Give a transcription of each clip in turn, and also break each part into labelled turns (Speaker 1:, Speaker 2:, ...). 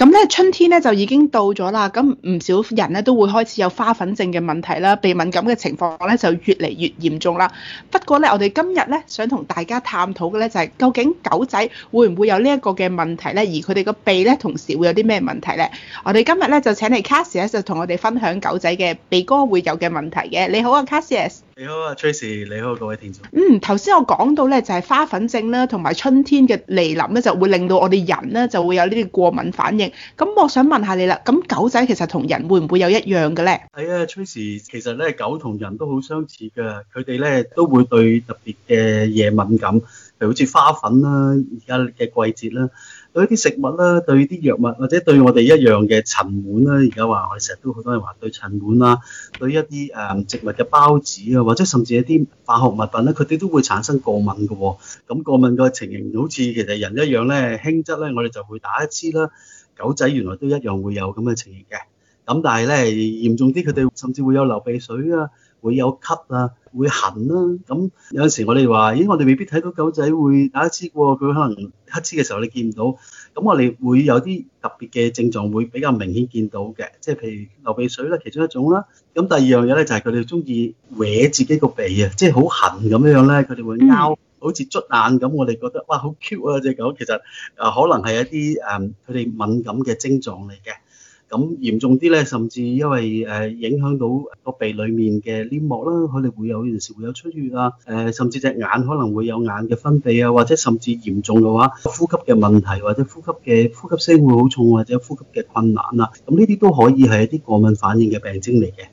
Speaker 1: 咁咧春天咧就已經到咗啦，咁唔少人咧都會開始有花粉症嘅問題啦，鼻敏感嘅情況咧就越嚟越嚴重啦。不過咧，我哋今日咧想同大家探討嘅咧就係，究竟狗仔會唔會有呢一個嘅問題咧？而佢哋個鼻咧同時會有啲咩問題咧？我哋今日咧就請嚟卡士咧就同我哋分享狗仔嘅鼻哥會有嘅問題嘅。你好啊，Cassius。
Speaker 2: 你好啊，Tracy，你好各位聽
Speaker 1: 眾。嗯，頭先我講到咧就係花粉症啦，同埋春天嘅嚟臨咧就會令到我哋人咧就會有呢啲過敏反應。咁我想問下你啦，咁狗仔其實同人會唔會有一樣嘅？咧？
Speaker 2: 係啊，Tracy，其實咧狗同人都好相似噶，佢哋咧都會對特別嘅嘢敏感。譬如好似花粉啦，而家嘅季節啦，對一啲食物啦，對啲藥物，或者對我哋一樣嘅塵蟎啦，而家話我哋成日都好多人話對塵蟎啦，對一啲誒植物嘅孢子啊，或者甚至一啲化學物品咧，佢哋都會產生過敏嘅哦。咁過敏嘅情形，好似其實人一樣咧，輕則咧我哋就會打一支啦。狗仔原來都一樣會有咁嘅情形嘅。咁但係咧嚴重啲，佢哋甚至會有流鼻水啊，會有咳啊，會痕啦。咁有陣時我哋話：咦，我哋未必睇到狗仔會打乞嗤喎，佢可能乞嗤嘅時候你見唔到。咁我哋會有啲特別嘅症狀會比較明顯見到嘅，即係譬如流鼻水咧，其中一種啦。咁第二樣嘢咧就係佢哋中意搲自己個鼻啊，即係好痕咁樣樣咧，佢哋會咬，好似捽眼咁。我哋覺得哇，好 cute 喎隻狗，其實啊，可能係一啲誒佢哋敏感嘅症狀嚟嘅。咁嚴重啲咧，甚至因為誒、呃、影響到個鼻裡面嘅黏膜啦，可能會有有陣時會有出血啊，誒、呃、甚至隻眼可能會有眼嘅分泌啊，或者甚至嚴重嘅話，呼吸嘅問題或者呼吸嘅呼吸聲會好重，或者呼吸嘅困難啊，咁呢啲都可以係一啲過敏反應嘅病徵嚟嘅。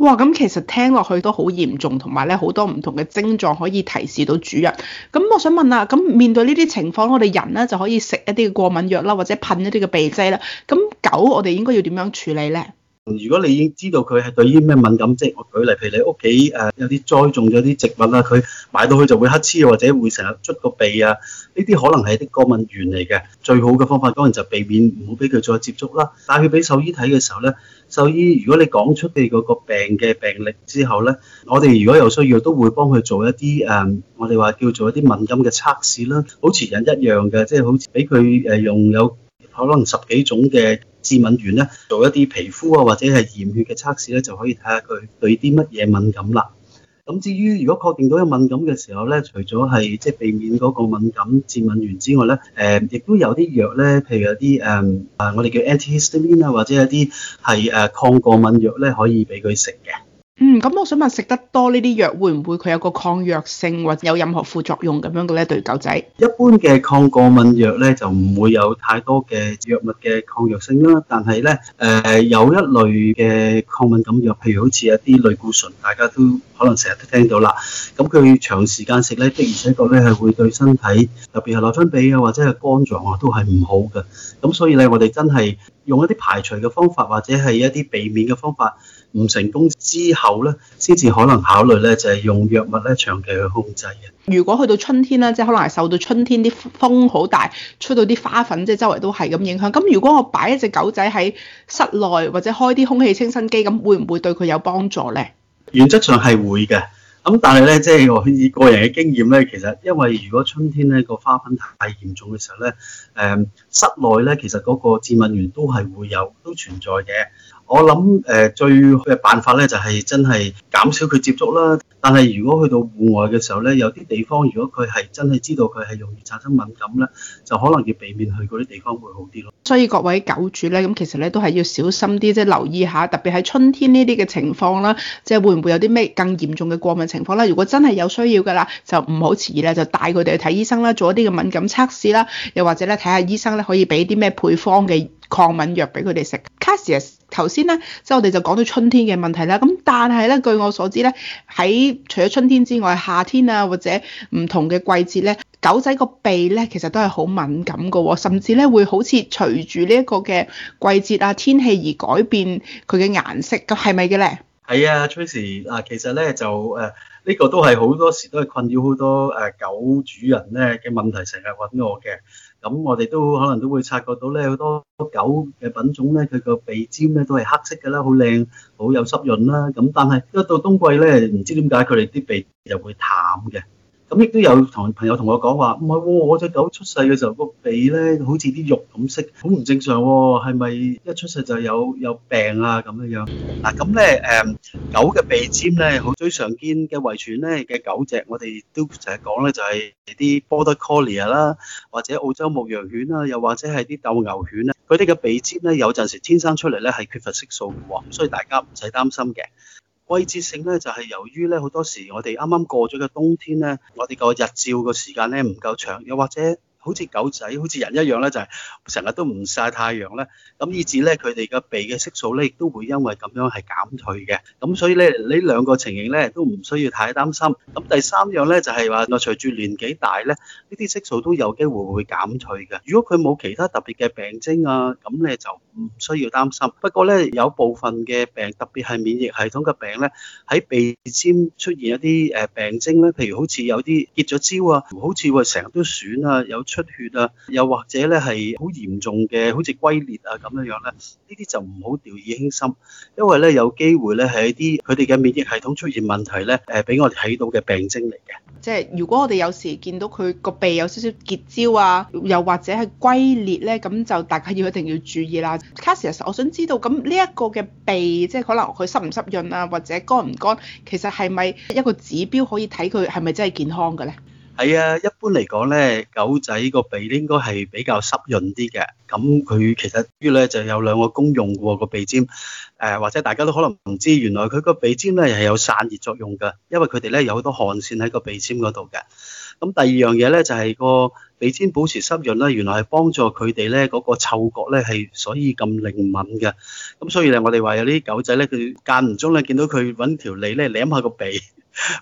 Speaker 1: 哇，咁其實聽落去都好嚴重，同埋咧好多唔同嘅症狀可以提示到主人。咁我想問啦，咁面對呢啲情況，我哋人咧就可以食一啲過敏藥啦，或者噴一啲嘅鼻劑啦。咁狗我哋應該要點樣處理咧？
Speaker 2: 如果你已經知道佢係對於咩敏感，即係我舉例，譬如你屋企誒有啲栽種咗啲植物啦，佢、啊、埋到去就會黑黐，或者會成日捽個鼻啊，呢啲可能係啲過敏源嚟嘅。最好嘅方法當然就避免唔好俾佢再接觸啦。但帶佢俾獸醫睇嘅時候咧，獸醫如果你講出你嗰個病嘅病歷之後咧，我哋如果有需要都會幫佢做一啲誒、嗯，我哋話叫做一啲敏感嘅測試啦，好似人一樣嘅，即、就、係、是、好似俾佢誒用有可能十幾種嘅。致敏原咧，做一啲皮膚啊，或者係驗血嘅測試咧，就可以睇下佢對啲乜嘢敏感啦。咁至於如果確定到有敏感嘅時候咧，除咗係即係避免嗰個敏感致敏原之外咧，誒、呃，亦都有啲藥咧，譬如有啲誒啊，我哋叫 antihistamine 啊，或者有啲係誒抗過敏藥咧，可以俾佢食嘅。
Speaker 1: 嗯，咁我想問食得多呢啲藥會唔會佢有個抗藥性或者有任何副作用咁樣嘅咧？
Speaker 2: 對狗仔，一般嘅抗過敏藥咧就唔會有太多嘅藥物嘅抗藥性啦，但係咧誒有一類嘅抗敏感藥，譬如好似一啲類固醇，大家都可能成日都聽到啦，咁佢長時間食咧的而且確咧係會對身體，特別係內分泌啊或者係肝臟啊都係唔好嘅。咁所以咧，我哋真係用一啲排除嘅方法或者係一啲避免嘅方法，唔成功之後咧，先至可能考慮咧就係用藥物咧長期去控制嘅。
Speaker 1: 如果去到春天咧，即係可能係受到春天啲風好大，吹到啲花粉，即係周圍都係咁影響。咁如果我擺一隻狗仔喺室內，或者開啲空氣清新機，咁會唔會對佢有幫助咧？
Speaker 2: 原則上係會嘅，咁但係咧，即係我以個人嘅經驗咧，其實因為如果春天咧個花粉太嚴重嘅時候咧，誒，室內咧其實嗰個致敏原都係會有，都存在嘅。我諗誒、呃、最好嘅辦法咧，就係、是、真係減少佢接觸啦。但係如果去到戶外嘅時候咧，有啲地方如果佢係真係知道佢係容易產生敏感咧，就可能要避免去嗰啲地方會好啲咯。
Speaker 1: 所以各位狗主咧，咁其實咧都係要小心啲啫，就是、留意下，特別喺春天呢啲嘅情況啦，即係會唔會有啲咩更嚴重嘅過敏情況啦。如果真係有需要噶啦，就唔好遲疑咧，就帶佢哋去睇醫生啦，做一啲嘅敏感測試啦，又或者咧睇下醫生咧可以俾啲咩配方嘅。抗敏藥俾佢哋食。Cassius，頭先咧，即係我哋就講到春天嘅問題啦。咁但係咧，據我所知咧，喺除咗春天之外，夏天啊或者唔同嘅季節咧，狗仔個鼻咧其實都係好敏感嘅喎、哦，甚至咧會好似隨住呢一個嘅季節啊天氣而改變佢嘅顏色。咁係咪嘅咧？
Speaker 2: 係啊，Tracy 啊，Tracy，其實咧就誒呢、呃這個都係好多時都係困擾好多誒、呃、狗主人咧嘅問題，成日揾我嘅。咁我哋都可能都會察覺到咧，好多狗嘅品種咧，佢個鼻尖咧都係黑色㗎啦，好靚，好有濕潤啦。咁但係一到冬季咧，唔知點解，佢哋啲鼻就會淡嘅。咁亦都有同朋友同我講話，唔係喎，我隻狗出世嘅時候個鼻呢好似啲肉咁色，好唔正常喎、哦，係咪一出世就有有病啊咁樣樣？嗱、啊，咁呢，誒、嗯，狗嘅鼻尖呢，好最常見嘅遺傳呢嘅狗隻，我哋都成日講呢，就係、是、啲 Border Collie 啦，或者澳洲牧羊犬啦，又或者係啲鬥牛犬啦，佢哋嘅鼻尖呢，有陣時天生出嚟呢係缺乏色素喎、哦，所以大家唔使擔心嘅。季節性呢，就係由於呢好多時我哋啱啱過咗嘅冬天，呢我哋個日照嘅時間呢唔夠長，又或者。好似狗仔，好似人一樣咧，就係成日都唔晒太陽咧，咁以至咧佢哋嘅鼻嘅色素咧，亦都會因為咁樣係減退嘅。咁所以咧呢你兩個情形咧都唔需要太擔心。咁第三樣咧就係話，我隨住年紀大咧，呢啲色素都有機會會減退嘅。如果佢冇其他特別嘅病徵啊，咁咧就唔需要擔心。不過咧有部分嘅病，特別係免疫系統嘅病咧，喺鼻尖出現一啲誒病徵咧，譬如好似有啲結咗焦啊，好似會成日都損啊，有。出血啊，又或者咧係好嚴重嘅，好似龜裂啊咁樣樣咧，呢啲就唔好掉以輕心，因為咧有機會咧係一啲佢哋嘅免疫系統出現問題咧，誒俾我睇到嘅病徵嚟嘅。
Speaker 1: 即係如果我哋有時見到佢個鼻有少少結焦啊，又或者係龜裂咧，咁就大家要一定要注意啦。k a s 我想知道咁呢一個嘅鼻，即係可能佢濕唔濕潤啊，或者乾唔乾，其實係咪一個指標可以睇佢係咪真係健康嘅咧？
Speaker 2: 係啊，一般嚟講咧，狗仔個鼻應該係比較濕潤啲嘅。咁佢其實呢咧就有兩個功用喎，個鼻尖。誒、呃、或者大家都可能唔知，原來佢個鼻尖咧係有散熱作用㗎，因為佢哋咧有好多汗腺喺個鼻尖嗰度嘅。咁第二樣嘢咧就係、是、個鼻尖保持濕潤啦，原來係幫助佢哋咧嗰個嗅覺咧係所以咁靈敏嘅。咁所以咧，我哋話有啲狗仔咧，佢間唔中咧見到佢揾條脷咧舐下個鼻。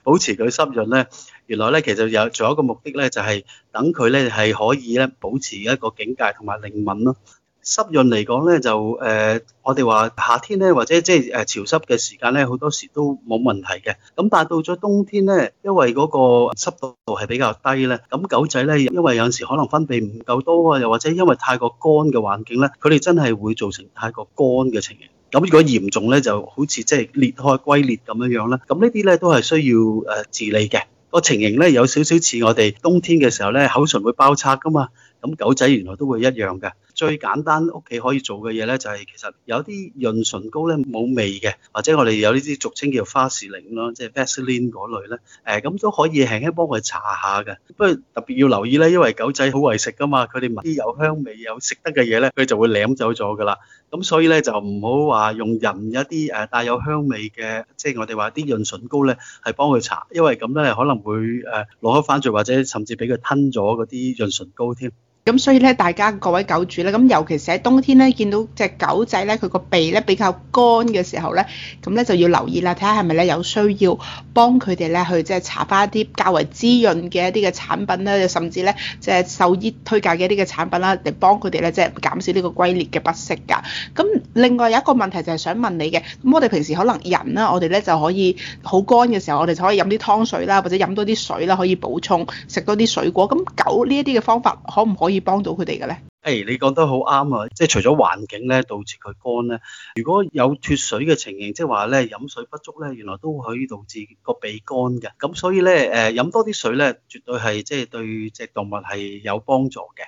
Speaker 2: 保持佢濕潤咧，原來咧其實有仲有一個目的咧，就係等佢咧係可以咧保持一個境界同埋靈敏咯。濕潤嚟講咧就誒，我哋話夏天咧或者即係誒潮濕嘅時間咧，好多時都冇問題嘅。咁但係到咗冬天咧，因為嗰個濕度係比較低咧，咁狗仔咧因為有陣時可能分泌唔夠多啊，又或者因為太過乾嘅環境咧，佢哋真係會造成太過乾嘅情形。咁如果嚴重咧，就好似即係裂開、龜裂咁樣樣啦。咁呢啲咧都係需要誒、呃、治理嘅。個情形咧有少少似我哋冬天嘅時候咧，口唇會爆拆㗎嘛。咁狗仔原來都會一樣嘅。最簡單屋企可以做嘅嘢咧，就係、是、其實有啲潤唇膏咧冇味嘅，或者我哋有呢啲俗稱叫做花士靈咯，即係 Vaseline 嗰類咧。誒、呃、咁都可以輕輕幫佢搽下嘅。不過特別要留意咧，因為狗仔好為食噶嘛，佢哋聞啲有香味有食得嘅嘢咧，佢就會舐走咗噶啦。咁所以咧就唔好話用任何一啲誒帶有香味嘅，即係我哋話啲潤唇膏咧，係幫佢搽，因為咁咧可能會誒攞翻翻或者甚至俾佢吞咗嗰啲潤唇膏添。
Speaker 1: 咁所以咧，大家各位狗主咧，咁尤其是喺冬天咧，見到隻狗仔咧，佢個鼻咧比較乾嘅時候咧，咁咧就要留意啦，睇下係咪咧有需要幫佢哋咧去即係搽翻一啲較為滋潤嘅一啲嘅產品啦，甚至咧即係獸醫推介嘅一啲嘅產品啦，嚟幫佢哋咧即係減少呢個龜裂嘅不適㗎。咁另外有一個問題就係想問你嘅，咁我哋平時可能人啦，我哋咧就可以好乾嘅時候，我哋就可以飲啲湯水啦，或者飲多啲水啦，可以補充，食多啲水果。咁狗呢一啲嘅方法可唔可以？幫到佢哋嘅咧？
Speaker 2: 誒，hey, 你講得好啱啊！即係除咗環境咧，導致佢乾咧，如果有脫水嘅情形，即係話咧飲水不足咧，原來都可以導致個鼻乾嘅。咁所以咧，誒、呃、飲多啲水咧，絕對係即係對隻動物係有幫助嘅。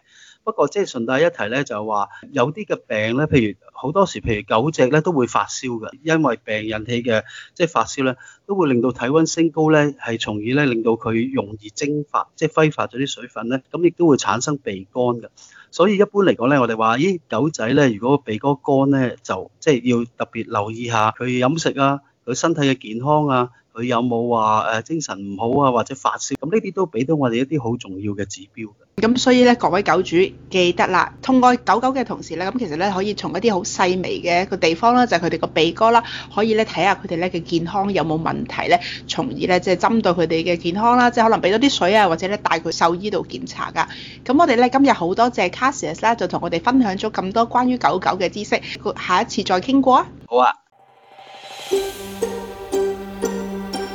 Speaker 2: 不過，即係順帶一提咧，就係話有啲嘅病咧，譬如好多時，譬如狗隻咧都會發燒嘅，因為病引起嘅即係發燒咧，都會令到體温升高咧，係從而咧令到佢容易蒸發，即係揮發咗啲水分咧，咁亦都會產生鼻乾嘅。所以一般嚟講咧，我哋話咦狗仔咧，如果鼻哥乾咧，就即係要特別留意下佢飲食啊，佢身體嘅健康啊。佢有冇話誒精神唔好啊，或者發燒，咁呢啲都俾到我哋一啲好重要嘅指標
Speaker 1: 嘅。咁所以咧，各位狗主記得啦，通過狗狗嘅同時咧，咁其實咧可以從一啲好細微嘅一個地方啦，就係佢哋個鼻哥啦，可以咧睇下佢哋咧嘅健康有冇問題咧，從而咧即係針對佢哋嘅健康啦，即係可能俾多啲水啊，或者咧帶佢獸醫度檢查噶。咁我哋咧今日好多謝 Cassius 啦，就同我哋分享咗咁多關於狗狗嘅知識，下一次再傾過
Speaker 2: 啊。好啊。